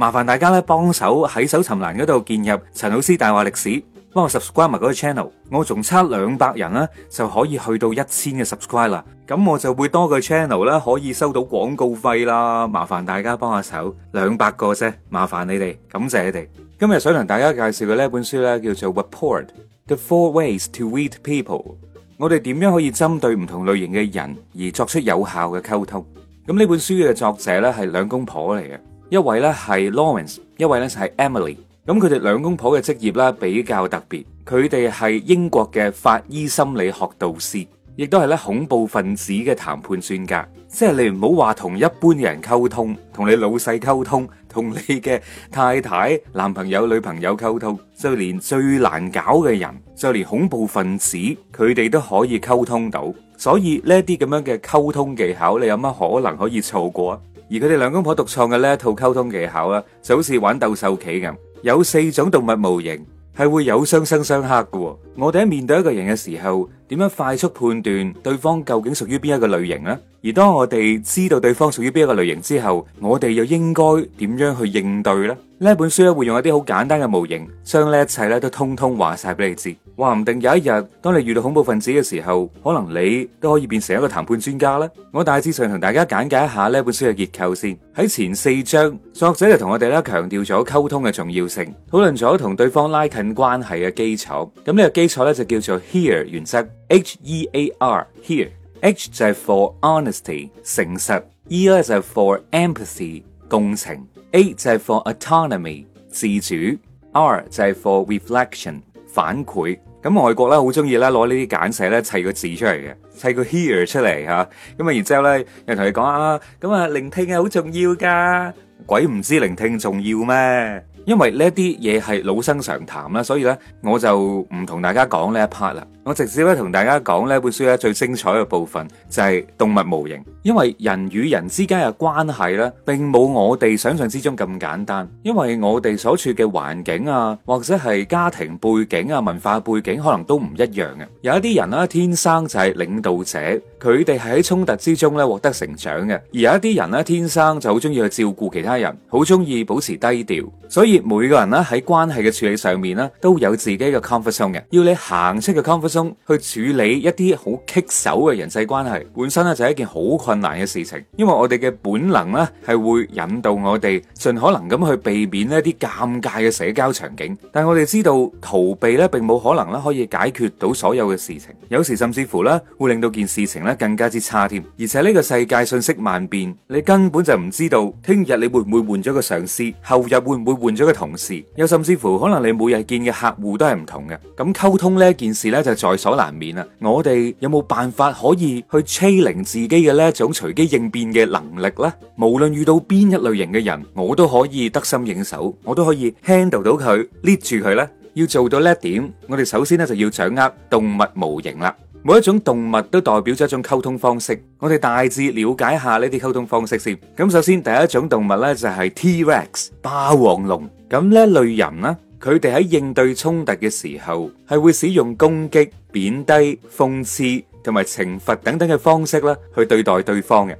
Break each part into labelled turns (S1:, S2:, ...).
S1: 麻煩大家咧，幫手喺搜尋欄嗰度建入陳老 C 大話歷史，幫我 subscribe 埋嗰個 channel。我仲差兩百人啦，就可以去到一千嘅 subscribe 啦。咁我就會多個 channel 啦，可以收到廣告費啦。麻煩大家幫下手，兩百個啫，麻煩你哋，感謝你哋。今日想同大家介紹嘅呢一本書咧，叫做《Rapport The Four Ways to Read People》。我哋點樣可以針對唔同類型嘅人而作出有效嘅溝通？咁呢本書嘅作者咧係兩公婆嚟嘅。一位咧係 Lawrence，一位咧就係 Emily。咁佢哋兩公婆嘅職業咧比較特別，佢哋係英國嘅法醫心理學導師，亦都係咧恐怖分子嘅談判專家。即係你唔好話同一般嘅人溝通，同你老細溝通，同你嘅太太、男朋友、女朋友溝通，就連最難搞嘅人，就連恐怖分子，佢哋都可以溝通到。所以呢一啲咁樣嘅溝通技巧，你有乜可能可以錯過啊？而佢哋兩公婆獨創嘅呢一套溝通技巧啦，就好似玩鬥獸棋咁，有四種動物模型係會有相生相克嘅。我哋喺面對一個人嘅時候，點樣快速判斷對方究竟屬於邊一個類型呢？而當我哋知道對方屬於邊一個類型之後，我哋又應該點樣去應對呢？呢一本書咧會用一啲好簡單嘅模型，將呢一切咧都通通話晒俾你知。話唔定有一日，當你遇到恐怖分子嘅時候，可能你都可以變成一個談判專家啦。我大致上同大家簡介一下呢本書嘅結構先。喺，前四章，作者就同我哋咧強調咗溝通嘅重要性，討論咗同對方拉近關係嘅基礎。咁呢個基礎咧就叫做 hear h e、A、r e 原則，H-E-A-R hear，H 就係 for honesty 誠實，E 咧就係 for empathy 共情，A 就係 for autonomy 自主，R 就係 for reflection 反饋。咁外國咧好中意咧攞呢啲簡寫咧砌個字出嚟嘅，砌個 hear 出嚟嚇，咁啊然之後咧又同你講啊，咁啊，啊，啊聆聽係、啊、好重要噶，鬼唔知聆聽重要咩？因為呢一啲嘢係老生常談啦，所以咧我就唔同大家講呢一 part 啦。我直接咧同大家講呢本書咧最精彩嘅部分就係動物模型，因為人與人之間嘅關係咧，並冇我哋想象之中咁簡單，因為我哋所處嘅環境啊，或者係家庭背景啊、文化背景，可能都唔一樣嘅。有一啲人呢天生就係領導者，佢哋係喺衝突之中咧獲得成長嘅；而有一啲人呢天生就好中意去照顧其他人，好中意保持低調。所以每個人呢喺關係嘅處理上面呢，都有自己嘅 comfort zone 嘅，要你行出嘅 comfort zone 去處理一啲好棘手嘅人際關係，本身咧就係一件好困難嘅事情，因為我哋嘅本能咧係會引導我哋盡可能咁去避免咧一啲尷尬嘅社交場景，但係我哋知道逃避咧並冇可能咧可以解決到所有嘅事情，有時甚至乎咧會令到件事情咧更加之差添，而且呢個世界瞬息萬變，你根本就唔知道聽日你會唔會換咗個上司，後日會唔會換咗個同事，又甚至乎可能你每日見嘅客戶都係唔同嘅，咁溝通呢一件事咧就。在所難免啊！我哋有冇辦法可以去 training 自己嘅呢一種隨機應變嘅能力咧？無論遇到邊一類型嘅人，我都可以得心應手，我都可以 handle 到佢，捏住佢呢。要做到呢一點，我哋首先呢就要掌握動物模型啦。每一種動物都代表咗一種溝通方式，我哋大致了解下呢啲溝通方式先。咁首先第一種動物呢，就係 T Rex 霸王龍，咁呢一類人咧。佢哋喺應對衝突嘅時候，係會使用攻擊、貶低、諷刺同埋懲罰等等嘅方式啦，去對待對方嘅。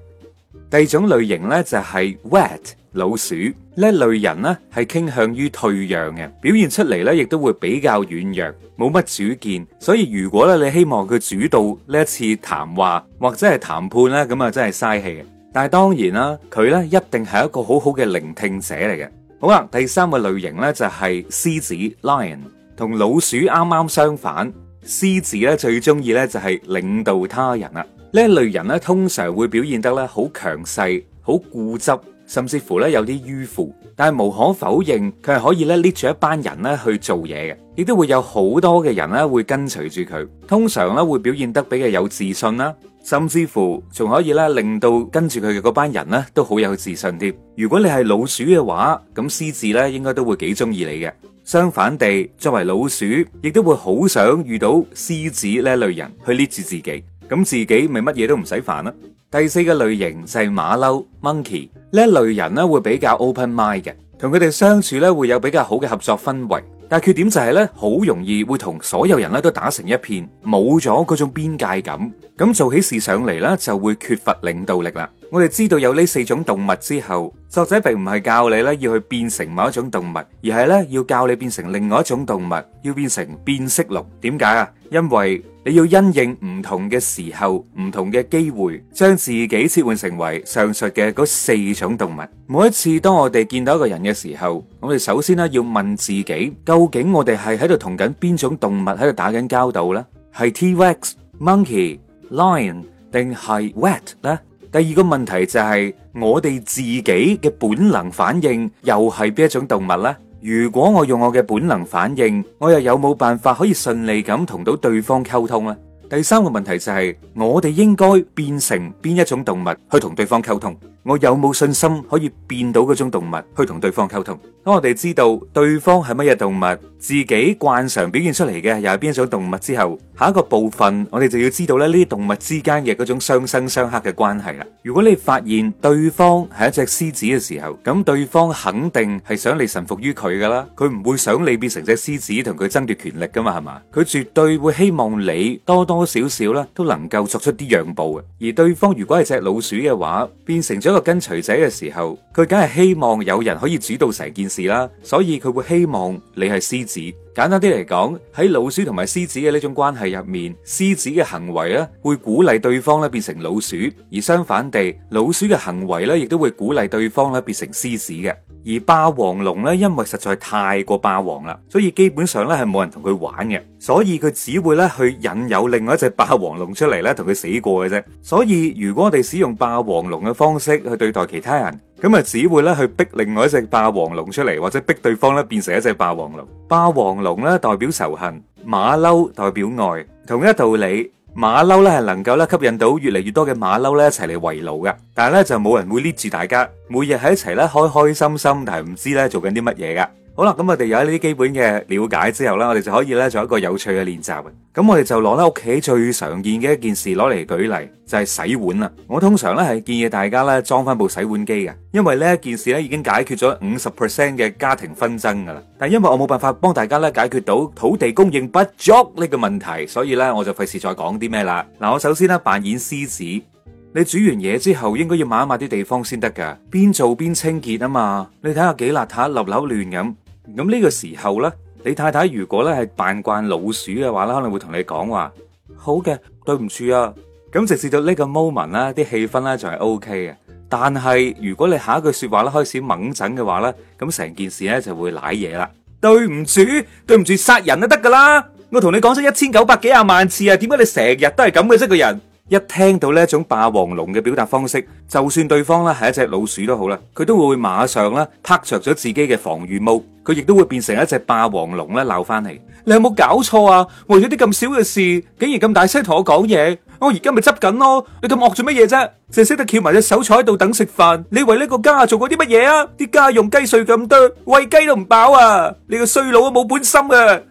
S1: 第二種類型咧就係 rat 老鼠呢類人咧，係傾向於退讓嘅，表現出嚟咧亦都會比較軟弱，冇乜主見。所以如果咧你希望佢主導呢一次談話或者係談判咧，咁啊真係嘥氣嘅。但係當然啦，佢咧一定係一個好好嘅聆聽者嚟嘅。好啦，第三個類型咧就係、是、獅子 （lion），同老鼠啱啱相反。獅子咧最中意咧就係、是、領導他人啦。呢一類人咧通常會表現得咧好強勢、好固執，甚至乎咧有啲迂腐。但係無可否認，佢係可以咧拎住一班人咧去做嘢嘅，亦都會有好多嘅人咧會跟隨住佢。通常咧會表現得比較有自信啦。甚至乎仲可以咧，令到跟住佢嘅嗰班人咧，都好有自信添。如果你係老鼠嘅話，咁獅子咧應該都會幾中意你嘅。相反地，作為老鼠，亦都會好想遇到獅子呢一類人去 lift 住自己，咁自己咪乜嘢都唔使煩啦。第四個類型就係馬騮 monkey，呢一類人咧，會比較 open mind 嘅，同佢哋相處咧會有比較好嘅合作氛圍。但係缺點就係咧，好容易會同所有人咧都打成一片，冇咗嗰種邊界感，咁做起事上嚟咧就會缺乏領導力啦。我哋知道有呢四種動物之後，作者並唔係教你咧要去變成某一種動物，而係咧要教你變成另外一種動物，要變成變色龍。點解啊？因為你要因應唔同嘅時候、唔同嘅機會，將自己切換成為上述嘅嗰四種動物。每一次當我哋見到一個人嘅時候，我哋首先咧要問自己，究竟我哋係喺度同緊邊種動物喺度打緊交道啦？係 T Rex, Monkey, Lion 定係 Wet 咧？第二個問題就係我哋自己嘅本能反應又係邊一種動物呢？如果我用我嘅本能反應，我又有冇辦法可以順利咁同到對方溝通呢？第三個問題就係我哋應該變成邊一種動物去同對方溝通？我有冇信心可以變到嗰種動物去同對方溝通？當我哋知道對方係乜嘢動物，自己慣常表現出嚟嘅又係邊一種動物之後，下一個部分我哋就要知道咧呢啲動物之間嘅嗰種相生相克嘅關係啦。如果你發現對方係一隻獅子嘅時候，咁對方肯定係想你臣服於佢噶啦，佢唔會想你變成隻獅子同佢爭奪權力噶嘛，係嘛？佢絕對會希望你多多少少啦都能夠作出啲讓步嘅。而對方如果係隻老鼠嘅話，變成咗一個跟隨者嘅時候，佢梗係希望有人可以主導成件事啦，所以佢會希望你係獅子。簡單啲嚟講，喺老鼠同埋獅子嘅呢種關係入面，獅子嘅行為咧會鼓勵對方咧變成老鼠，而相反地，老鼠嘅行為咧亦都會鼓勵對方咧變成獅子嘅。而霸王龍咧，因為實在太過霸王啦，所以基本上咧係冇人同佢玩嘅，所以佢只會咧去引誘另外一隻霸王龍出嚟咧同佢死過嘅啫。所以如果我哋使用霸王龍嘅方式去對待其他人。咁啊，只會咧去逼另外一隻霸王龍出嚟，或者逼對方咧變成一隻霸王龍。霸王龍咧代表仇恨，馬騮代表愛。同一道理，馬騮咧係能夠咧吸引到越嚟越多嘅馬騮咧一齊嚟圍爐噶，但係咧就冇人會黏住大家，每日喺一齊咧開開心心，但係唔知咧做緊啲乜嘢噶。好啦，咁我哋有呢啲基本嘅了解之後呢，我哋就可以呢做一個有趣嘅練習啊！咁我哋就攞咧屋企最常見嘅一件事攞嚟舉例，就係洗碗啦。我通常呢係建議大家呢裝翻部洗碗機嘅，因為呢一件事呢已經解決咗五十 percent 嘅家庭紛爭噶啦。但因為我冇辦法幫大家呢解決到土地供應不足呢個問題，所以呢我就費事再講啲咩啦。嗱，我首先呢扮演獅子，你煮完嘢之後應該要抹一抹啲地方先得噶，邊做邊清潔啊嘛。你睇下幾邋遢，立樓亂咁。咁呢個時候呢，你太太如果呢係扮慣老鼠嘅話呢，可能會同你講話，好嘅，對唔住啊。咁直至到呢個 moment 啦，啲氣氛呢就係 O K 嘅。但係如果你下一句說話呢開始矇陣嘅話呢，咁成件事呢就會舐嘢啦。對唔住，對唔住，殺人都得噶啦。我同你講咗一千九百幾啊萬次啊，點解你成日都係咁嘅啫？個人。一聽到呢，一種霸王龍嘅表達方式，就算對方咧係一隻老鼠都好啦，佢都會馬上咧拍着咗自己嘅防禦毛，佢亦都會變成一隻霸王龍咧鬧翻嚟。你有冇搞錯啊？為咗啲咁少嘅事，竟然咁大聲同我講嘢，我而家咪執緊咯。你咁惡做乜嘢啫？淨係識得翹埋隻手坐喺度等食飯。你為呢個家做過啲乜嘢啊？啲家用雞碎咁多，餵雞都唔飽啊！你個衰佬啊，冇本心啊！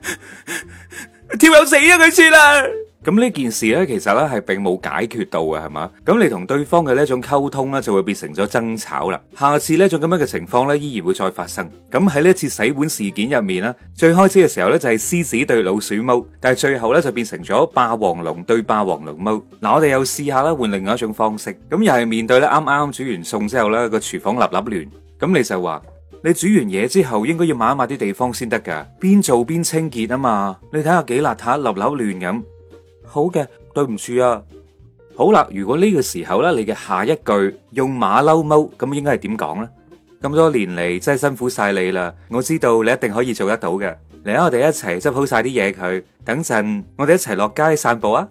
S1: 跳友死啊！佢算啦。咁呢件事呢，其實呢係並冇解決到嘅，係嘛？咁你同對方嘅呢一種溝通呢，就會變成咗爭吵啦。下次呢種咁樣嘅情況呢，依然會再發生。咁喺呢次洗碗事件入面呢，最開始嘅時候呢，就係獅子對老鼠毛，但係最後呢，就變成咗霸王龍對霸王龍毛。嗱，我哋又試下啦，換另外一種方式。咁又係面對呢啱啱煮完餸之後呢個廚房立立亂，咁你就話你煮完嘢之後應該要抹一抹啲地方先得噶，邊做邊清潔啊嘛。你睇下幾邋遢，立立亂咁。好嘅，對唔住啊！好啦，如果呢個時候咧，你嘅下一句用馬騮踎，咁應該係點講咧？咁多年嚟真係辛苦晒你啦，我知道你一定可以做得到嘅。嚟啦，我哋一齊執好晒啲嘢佢，等陣我哋一齊落街散步啊！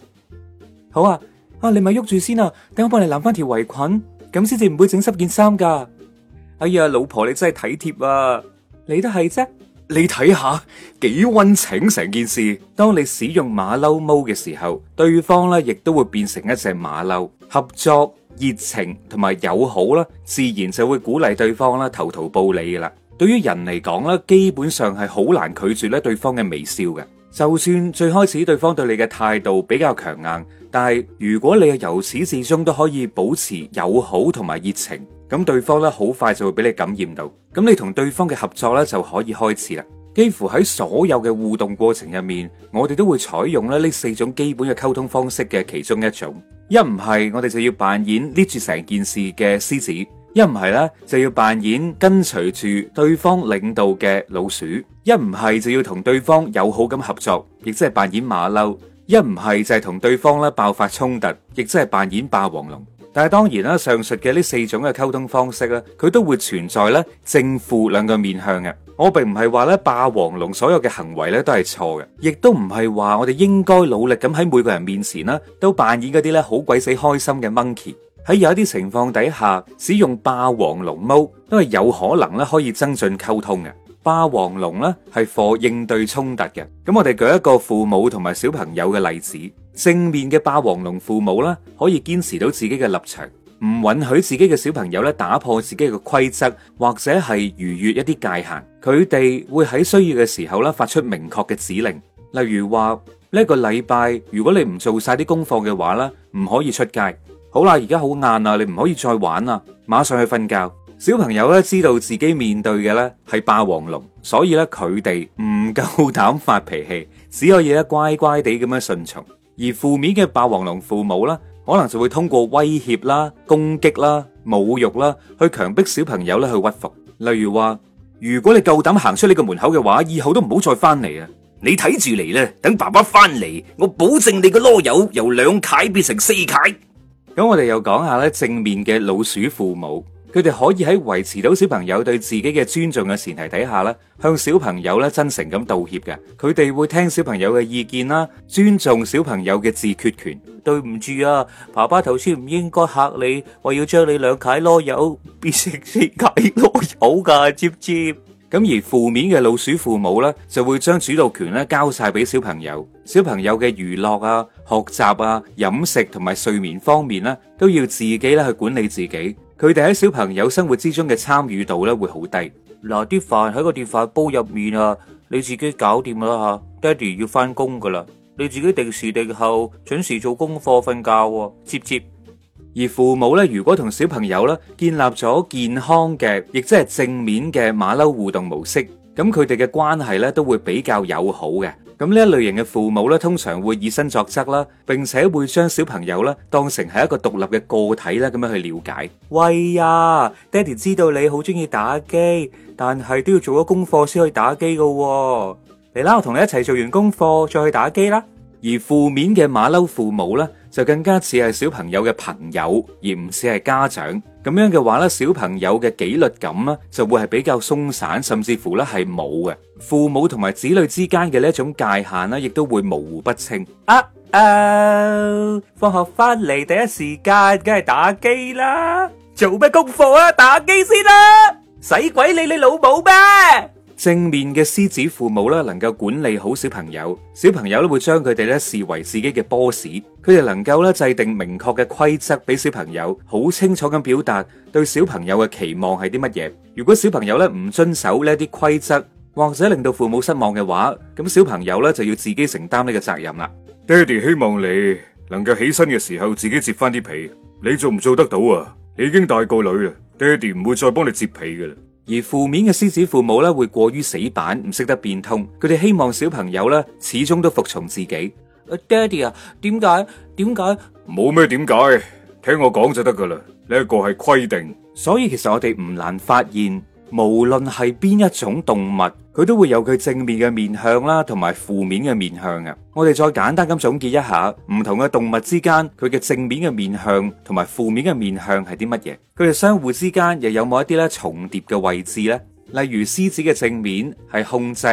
S1: 好啊，啊你咪喐住先啊，等我幫你攬翻條圍裙，咁先至唔會整濕件衫噶。哎呀，老婆你真係體貼啊！你都係啫。你睇下幾溫情成件事。當你使用馬騮踎嘅時候，對方咧亦都會變成一隻馬騮，合作、熱情同埋友好啦，自然就會鼓勵對方啦，投桃報李㗎啦。對於人嚟講咧，基本上係好難拒絕咧對方嘅微笑嘅。就算最開始對方對你嘅態度比較強硬，但係如果你由始至終都可以保持友好同埋熱情。咁對方咧好快就會俾你感染到，咁你同對方嘅合作咧就可以開始啦。幾乎喺所有嘅互動過程入面，我哋都會採用咧呢四種基本嘅溝通方式嘅其中一種。一唔係我哋就要扮演捏住成件事嘅獅子，一唔係咧就要扮演跟隨住對方領導嘅老鼠，一唔係就要同對方友好咁合作，亦即係扮演馬騮，一唔係就係同對方咧爆發衝突，亦即係扮演霸王龍。但係當然啦，上述嘅呢四種嘅溝通方式咧，佢都會存在咧正負兩個面向嘅。我並唔係話咧霸王龍所有嘅行為咧都係錯嘅，亦都唔係話我哋應該努力咁喺每個人面前啦都扮演嗰啲咧好鬼死開心嘅 monkey。喺有一啲情況底下，使用霸王龍毛，都係有可能咧可以增進溝通嘅。霸王龍咧係 for 應對衝突嘅。咁我哋舉一個父母同埋小朋友嘅例子。正面嘅霸王龍父母咧，可以堅持到自己嘅立場，唔允許自己嘅小朋友咧打破自己嘅規則，或者係逾越一啲界限。佢哋會喺需要嘅時候咧，發出明確嘅指令，例如話呢一個禮拜如果你唔做晒啲功課嘅話咧，唔可以出街。好啦，而家好晏啦，你唔可以再玩啦，馬上去瞓覺。小朋友咧知道自己面對嘅咧係霸王龍，所以咧佢哋唔夠膽發脾氣，只可以咧乖乖地咁樣順從。而負面嘅霸王龍父母啦，可能就會通過威脅啦、攻擊啦、侮辱啦，去強迫小朋友咧去屈服。例如話，如果你夠膽行出呢個門口嘅話，以後都唔好再翻嚟啊！你睇住嚟咧，等爸爸翻嚟，我保證你個囉柚由兩契變成四契。咁我哋又講下咧正面嘅老鼠父母。佢哋可以喺維持到小朋友對自己嘅尊重嘅前提底下咧，向小朋友咧真誠咁道歉嘅。佢哋會聽小朋友嘅意見啦，尊重小朋友嘅自決權。對唔住啊，爸爸頭先唔應該嚇你，我要將你兩楷囉柚變成四楷囉柚噶，接接咁。而負面嘅老鼠父母咧，就會將主導權咧交曬俾小朋友。小朋友嘅娛樂啊、學習啊、飲食同埋睡眠方面咧，都要自己咧去管理自己。佢哋喺小朋友生活之中嘅參與度咧會好低。嗱，啲飯喺個電飯煲入面啊，你自己搞掂啦吓。爹哋要翻工噶啦，你自己定時定候準時做功課、瞓覺、接接。而父母咧，如果同小朋友咧建立咗健康嘅，亦即係正面嘅馬騮互動模式，咁佢哋嘅關係咧都會比較友好嘅。咁呢一類型嘅父母呢，通常會以身作則啦，並且會將小朋友呢當成係一個獨立嘅個體啦，咁樣去了解。喂呀，爹哋知道你好中意打機，但係都要做咗功課先可以打機㗎喎。嚟啦，我同你一齊做完功課再去打機啦。而負面嘅馬騮父母呢，就更加似係小朋友嘅朋友，而唔似係家長。咁樣嘅話呢，小朋友嘅紀律感呢就會係比較鬆散，甚至乎呢係冇嘅。父母同埋子女之間嘅呢一種界限呢，亦都會模糊不清。啊啊、uh！Oh, 放學翻嚟第一時間梗係打機啦，做咩功課啊？打機先啦、啊，使鬼理你老母咩？正面嘅獅子父母咧，能夠管理好小朋友，小朋友咧會將佢哋咧視為自己嘅 boss，佢哋能夠咧制定明確嘅規則俾小朋友，好清楚咁表達對小朋友嘅期望係啲乜嘢。如果小朋友咧唔遵守呢啲規則，或者令到父母失望嘅話，咁小朋友咧就要自己承擔呢個責任啦。爹哋希望你能夠起身嘅時候自己折翻啲被，你做唔做得到啊？你已經大個女啦，爹哋唔會再幫你折被㗎啦。而負面嘅獅子父母咧，會過於死板，唔識得變通。佢哋希望小朋友咧，始終都服從自己。爹哋啊，點解？點解？冇咩點解？聽我講就得噶啦。呢一個係規定。所以其實我哋唔難發現。無論係邊一種動物，佢都會有佢正面嘅面向啦，同埋負面嘅面向啊！我哋再簡單咁總結一下，唔同嘅動物之間佢嘅正面嘅面向同埋負面嘅面向係啲乜嘢？佢哋相互之間又有冇一啲咧重疊嘅位置呢？例如獅子嘅正面係控制、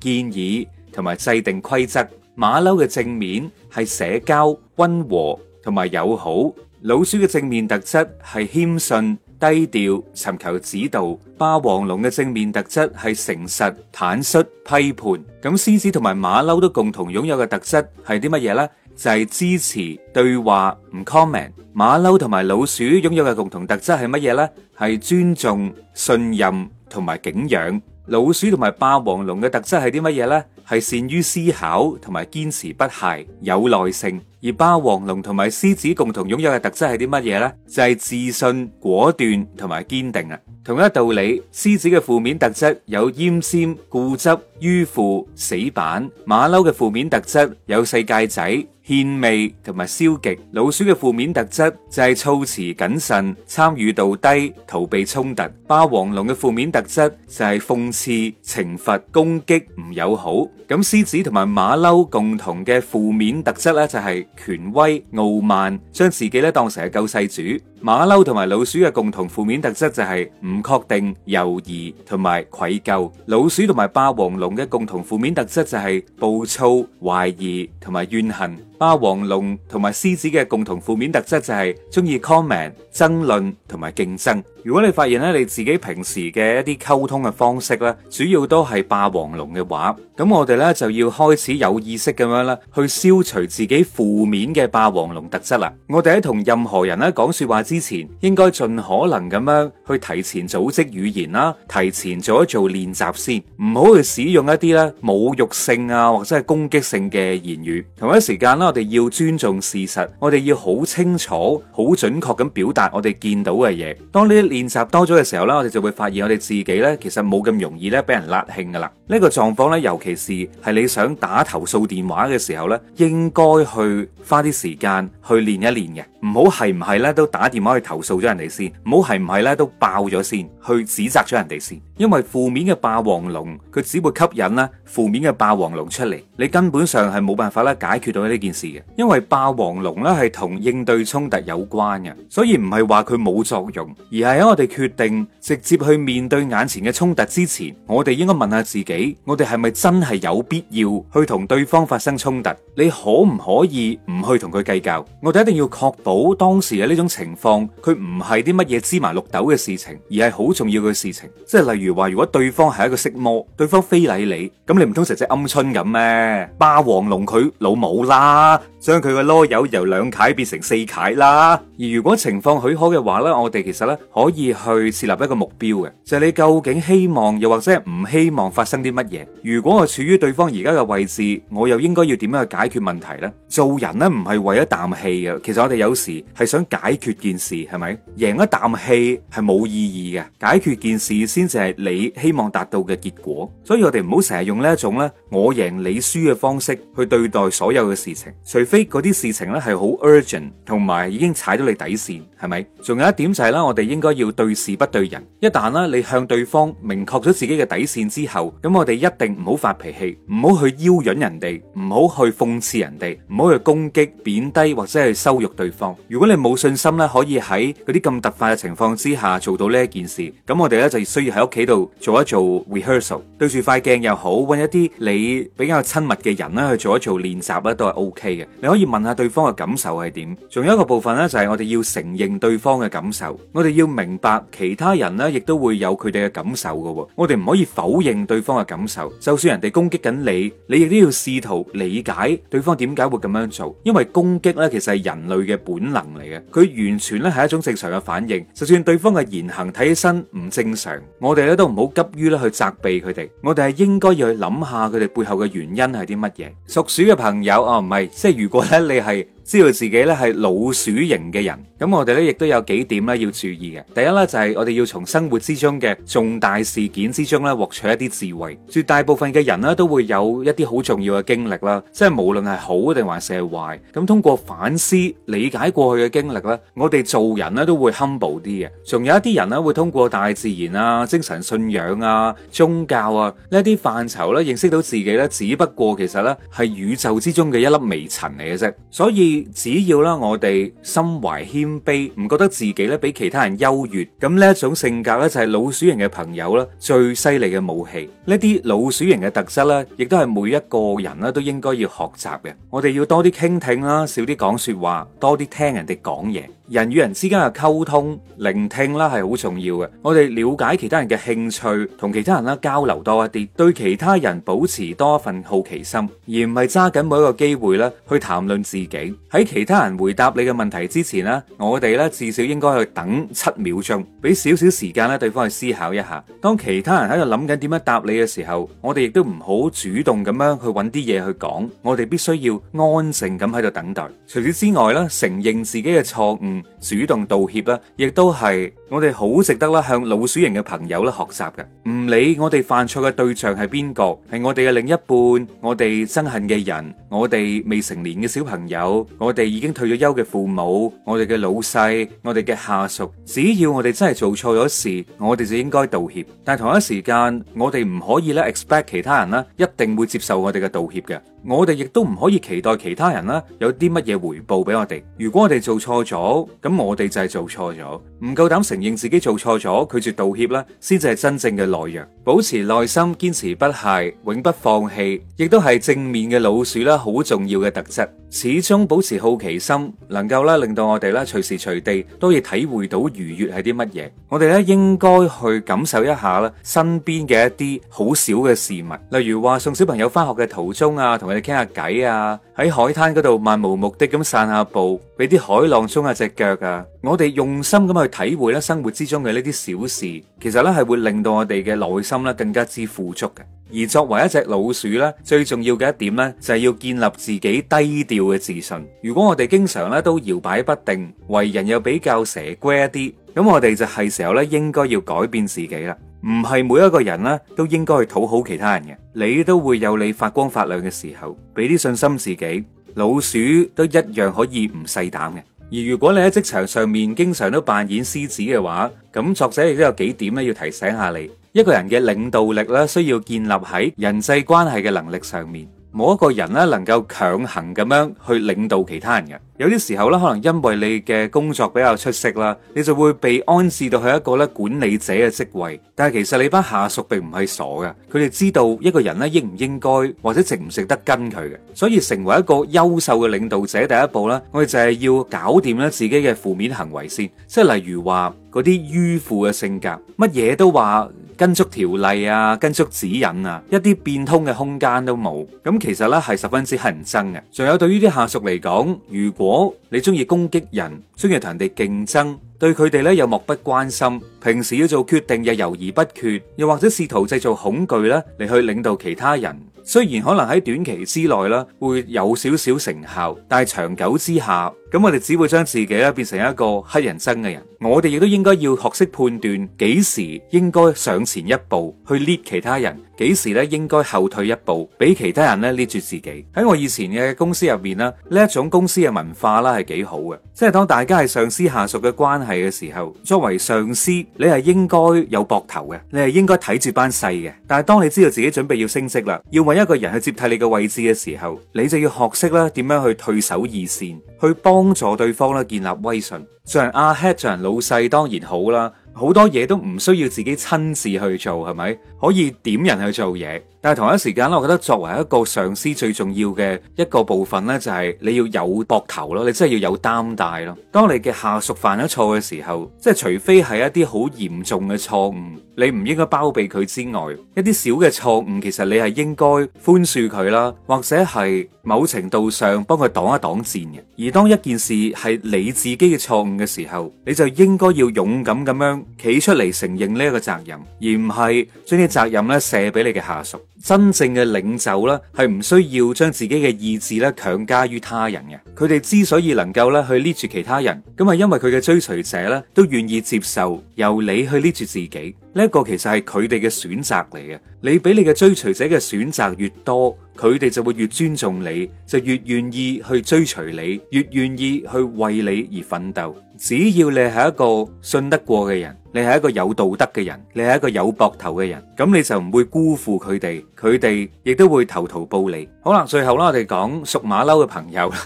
S1: 建議同埋制定規則；馬騮嘅正面係社交、溫和同埋友好；老鼠嘅正面特質係謙遜。低調，尋求指導。霸王龍嘅正面特質係誠實、坦率、批判。咁獅子同埋馬騮都共同擁有嘅特質係啲乜嘢呢？就係支持、對話、唔 comment。馬騮同埋老鼠擁有嘅共同特質係乜嘢呢？係尊重、信任同埋敬仰。老鼠同埋霸王龍嘅特質係啲乜嘢呢？係善於思考同埋堅持不懈，有耐性。而霸王龍同埋獅子共同擁有嘅特質係啲乜嘢呢？就係、是、自信、果斷同埋堅定啊！同一道理，獅子嘅負面特質有奄尖、固執、迂腐、死板；馬騮嘅負面特質有世界仔。獻媚同埋消極，老鼠嘅負面特質就係措辭謹慎、參與度低、逃避衝突。霸王龍嘅負面特質就係諷刺、懲罰、攻擊唔友好。咁獅子同埋馬騮共同嘅負面特質咧就係權威、傲慢，將自己咧當成係救世主。馬騮同埋老鼠嘅共同負面特質就係唔確定、猶疑同埋愧疚；老鼠同埋霸王龍嘅共同負面特質就係暴躁、懷疑同埋怨恨；霸王龍同埋獅子嘅共同負面特質就係中意 comment、爭論同埋競爭。如果你發現咧你自己平時嘅一啲溝通嘅方式咧，主要都係霸王龍嘅話，咁我哋咧就要開始有意識咁樣咧，去消除自己負面嘅霸王龍特質啦。我哋喺同任何人咧講說話之前，應該盡可能咁樣去提前組織語言啦，提前做一做練習先，唔好去使用一啲咧侮辱性啊或者係攻擊性嘅言語。同一時間咧，我哋要尊重事實，我哋要好清楚、好準確咁表達我哋見到嘅嘢。當呢練習多咗嘅時候呢，我哋就會發現我哋自己呢，其實冇咁容易呢，俾人拉慶噶啦。呢個狀況呢，尤其是係你想打投訴電話嘅時候呢，應該去花啲時間去練一練嘅。唔好係唔係呢，都打電話去投訴咗人哋先，唔好係唔係呢，都爆咗先去指責咗人哋先。因為負面嘅霸王龍，佢只會吸引呢負面嘅霸王龍出嚟，你根本上係冇辦法咧解決到呢件事嘅。因為霸王龍呢係同應對衝突有關嘅，所以唔係話佢冇作用，而係一。我哋決定直接去面對眼前嘅衝突之前，我哋應該問下自己：我哋係咪真係有必要去同對方發生衝突？你可唔可以唔去同佢計較？我哋一定要確保當時嘅呢種情況，佢唔係啲乜嘢芝麻綠豆嘅事情，而係好重要嘅事情。即係例如話，如果對方係一個色魔，對方非禮你，咁你唔通成隻鵪鶉咁咩？霸王龍佢老母啦！將佢嘅囉柚由兩楷，變成四楷啦。而如果情況許可嘅話呢，我哋其實呢，可以去設立一個目標嘅，就係你究竟希望又或者唔希望發生啲乜嘢？如果我處於對方而家嘅位置，我又應該要點樣去解決問題呢？做人呢，唔係為一啖氣嘅。其實我哋有時係想解決件事，係咪贏一啖氣係冇意義嘅？解決件事先至係你希望達到嘅結果。所以我哋唔好成日用呢一種咧，我贏你輸嘅方式去對待所有嘅事情，除非嗰啲事情咧係好 urgent，同埋已經踩到你底線，係咪？仲有一點就係啦，我哋應該要對事不對人。一旦啦，你向對方明確咗自己嘅底線之後，咁我哋一定唔好發脾氣，唔好去挑釁人哋，唔好去諷刺人哋，唔好去攻擊、貶低或者係羞辱對方。如果你冇信心咧，可以喺嗰啲咁突發嘅情況之下做到呢一件事，咁我哋咧就需要喺屋企度做一做 rehearsal，對住塊鏡又好，揾一啲你比較親密嘅人啦去做一做練習啦，都係 OK 嘅。你可以問下對方嘅感受係點？仲有一個部分咧，就係我哋要承認對方嘅感受，我哋要明白其他人咧，亦都會有佢哋嘅感受嘅。我哋唔可以否認對方嘅感受，就算人哋攻擊緊你，你亦都要試圖理解對方點解會咁樣做，因為攻擊咧其實係人類嘅本能嚟嘅，佢完全咧係一種正常嘅反應。就算對方嘅言行睇起身唔正常，我哋咧都唔好急於咧去責備佢哋，我哋係應該要去諗下佢哋背後嘅原因係啲乜嘢。屬鼠嘅朋友，哦唔係，即係如。如果咧，你係知道自己咧係老鼠型嘅人，咁我哋咧亦都有幾點咧要注意嘅。第一咧就係我哋要從生活之中嘅重大事件之中咧獲取一啲智慧。絕大部分嘅人呢，都會有一啲好重要嘅經歷啦，即係無論係好定還是係壞。咁通過反思理解過去嘅經歷咧，我哋做人呢，都會 humble 啲嘅。仲有一啲人呢，會通過大自然啊、精神信仰啊、宗教啊呢啲範疇咧認識到自己咧，只不過其實咧係宇宙之中嘅一粒微塵嚟嘅啫。所以只要啦，我哋心懷謙卑，唔覺得自己咧比其他人優越，咁呢一種性格咧就係老鼠型嘅朋友啦，最犀利嘅武器。呢啲老鼠型嘅特質咧，亦都係每一個人咧都應該要學習嘅。我哋要多啲傾聽啦，少啲講說話，多啲聽人哋講嘢。人與人之間嘅溝通、聆聽啦，係好重要嘅。我哋了解其他人嘅興趣，同其他人啦交流多一啲，對其他人保持多一份好奇心，而唔係揸緊每一個機會啦去談論自己。喺其他人回答你嘅問題之前啦，我哋咧至少應該去等七秒鐘，俾少少時間咧對方去思考一下。當其他人喺度諗緊點樣答你嘅時候，我哋亦都唔好主動咁樣去揾啲嘢去講。我哋必須要安靜咁喺度等待。除此之外咧，承認自己嘅錯誤。主動道歉啦，亦都係我哋好值得啦，向老鼠型嘅朋友啦學習嘅。唔理我哋犯錯嘅對象係邊個，係我哋嘅另一半，我哋憎恨嘅人，我哋未成年嘅小朋友，我哋已經退咗休嘅父母，我哋嘅老細，我哋嘅下屬，只要我哋真係做錯咗事，我哋就應該道歉。但同一時間，我哋唔可以咧 expect 其他人啦，一定會接受我哋嘅道歉嘅。我哋亦都唔可以期待其他人啦，有啲乜嘢回報俾我哋。如果我哋做錯咗，咁我哋就係做錯咗，唔夠膽承認自己做錯咗，拒絕道歉啦，先至係真正嘅懦弱。保持耐心，堅持不懈，永不放棄，亦都係正面嘅老鼠啦，好重要嘅特質。始終保持好奇心，能夠啦令到我哋啦隨時隨地都要體會到愉悅係啲乜嘢。我哋咧應該去感受一下啦，身邊嘅一啲好少嘅事物，例如話送小朋友返學嘅途中啊，同佢。去傾下偈啊！喺海灘嗰度漫無目的咁散下步，俾啲海浪沖下隻腳啊！我哋用心咁去體會咧，生活之中嘅呢啲小事，其實咧係會令到我哋嘅內心咧更加之富足嘅。而作為一隻老鼠咧，最重要嘅一點咧就係要建立自己低調嘅自信。如果我哋經常咧都搖擺不定，為人又比較蛇龜一啲，咁我哋就係時候咧應該要改變自己啦。唔係每一個人咧都應該去討好其他人嘅，你都會有你發光發亮嘅時候，俾啲信心自己。老鼠都一樣可以唔細膽嘅。而如果你喺職場上面經常都扮演獅子嘅話，咁作者亦都有幾點咧要提醒下你，一個人嘅領導力咧需要建立喺人際關係嘅能力上面，冇一個人咧能夠強行咁樣去領導其他人嘅。有啲時候咧，可能因為你嘅工作比較出色啦，你就會被安置到去一個咧管理者嘅職位。但係其實你班下屬並唔係傻嘅，佢哋知道一個人咧應唔應該或者值唔值得跟佢嘅。所以成為一個優秀嘅領導者，第一步咧，我哋就係要搞掂咧自己嘅負面行為先，即係例如話嗰啲迂腐嘅性格，乜嘢都話跟足條例啊，跟足指引啊，一啲變通嘅空間都冇。咁其實咧係十分之乞人憎嘅。仲有對於啲下屬嚟講，如果如果你中意攻擊人，中意同人哋競爭，對佢哋咧又漠不關心。平時要做決定，又猶疑不決，又或者試圖製造恐懼咧嚟，去領導其他人。雖然可能喺短期之內啦會有少少成效，但係長久之下，咁我哋只會將自己咧變成一個乞人憎嘅人。我哋亦都應該要學識判斷，幾時應該上前一步去 lead 其他人，幾時咧應該後退一步俾其他人咧 lead 住自己。喺我以前嘅公司入面啦，呢一種公司嘅文化啦係幾好嘅。即係當大家係上司下屬嘅關係嘅時候，作為上司。你係應該有膊頭嘅，你係應該睇住班細嘅。但係當你知道自己準備要升職啦，要搵一個人去接替你嘅位置嘅時候，你就要學識啦點樣去退守二線，去幫助對方啦建立威信。做人阿 head，做人老細當然好啦，好多嘢都唔需要自己親自去做，係咪？可以點人去做嘢。但係同一時間咧，我覺得作為一個上司最重要嘅一個部分呢，就係、是、你要有膊頭咯，你真係要有擔戴咯。當你嘅下屬犯咗錯嘅時候，即係除非係一啲好嚴重嘅錯誤，你唔應該包庇佢之外，一啲小嘅錯誤其實你係應該寬恕佢啦，或者係某程度上幫佢擋一擋箭嘅。而當一件事係你自己嘅錯誤嘅時候，你就應該要勇敢咁樣企出嚟承認呢一個責任，而唔係將啲責任呢射俾你嘅下屬。真正嘅領袖咧，係唔需要將自己嘅意志咧強加於他人嘅。佢哋之所以能夠咧去 lead 住其他人，咁係因為佢嘅追隨者咧都願意接受由你去 lead 住自己。呢一個其實係佢哋嘅選擇嚟嘅。你俾你嘅追隨者嘅選擇越多，佢哋就會越尊重你，就越願意去追隨你，越願意去為你而奮鬥。只要你係一個信得過嘅人。你係一個有道德嘅人，你係一個有膊頭嘅人，咁你就唔會辜負佢哋，佢哋亦都會投桃報李。好啦，最後啦，我哋講屬馬騮嘅朋友啦，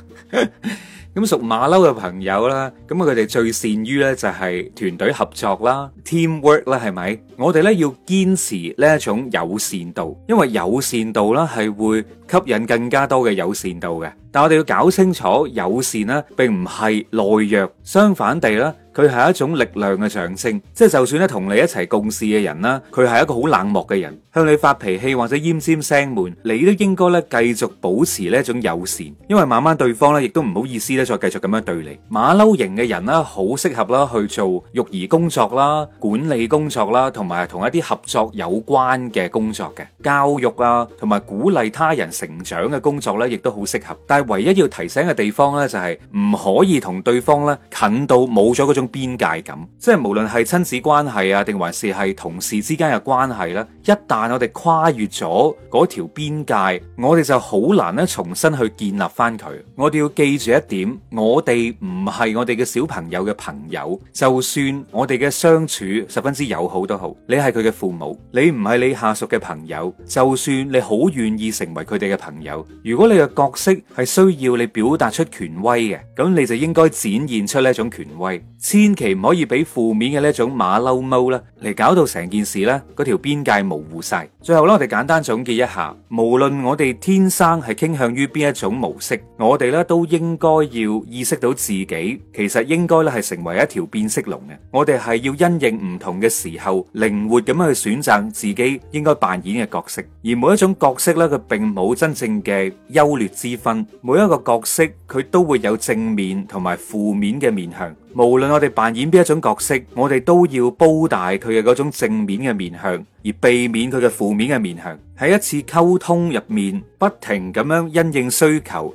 S1: 咁屬馬騮嘅朋友啦，咁啊，佢哋最善於呢就係團隊合作啦，teamwork 啦，係咪？我哋呢要堅持呢一種友善度，因為友善度啦係會吸引更加多嘅友善度嘅。但係我哋要搞清楚友善咧，並唔係懦弱，相反地咧，佢係一種力量嘅象徵。即係就算咧，同你一齊共事嘅人啦，佢係一個好冷漠嘅人，向你發脾氣或者奄尖聲悶，你都應該咧繼續保持呢一種友善，因為慢慢對方咧，亦都唔好意思咧，再繼續咁樣對你。馬騮型嘅人啦，好適合啦去做育兒工作啦、管理工作啦，同埋同一啲合作有關嘅工作嘅教育啊，同埋鼓勵他人成長嘅工作咧，亦都好適合。但係。唯一要提醒嘅地方咧，就係唔可以同對方咧近到冇咗嗰種邊界感。即係無論係親子關係啊，定還是係同事之間嘅關係咧，一旦我哋跨越咗嗰條邊界，我哋就好難咧重新去建立翻佢。我哋要記住一點，我哋唔係我哋嘅小朋友嘅朋友。就算我哋嘅相處十分之友好都好，你係佢嘅父母，你唔係你下屬嘅朋友。就算你好願意成為佢哋嘅朋友，如果你嘅角色係需要你表達出權威嘅，咁你就應該展現出呢一種權威，千祈唔可以俾負面嘅呢一種馬騮踎啦，嚟搞到成件事咧嗰條邊界模糊晒。最後啦，我哋簡單總結一下，無論我哋天生係傾向於邊一種模式，我哋咧都應該要意識到自己其實應該咧係成為一條變色龍嘅，我哋係要因應唔同嘅時候，靈活咁樣去選擇自己應該扮演嘅角色，而每一種角色咧佢並冇真正嘅優劣之分。每一個角色佢都會有正面同埋負面嘅面向，無論我哋扮演邊一種角色，我哋都要煲大佢嘅嗰種正面嘅面向，而避免佢嘅負面嘅面向。喺一次溝通入面，不停咁樣因應需求。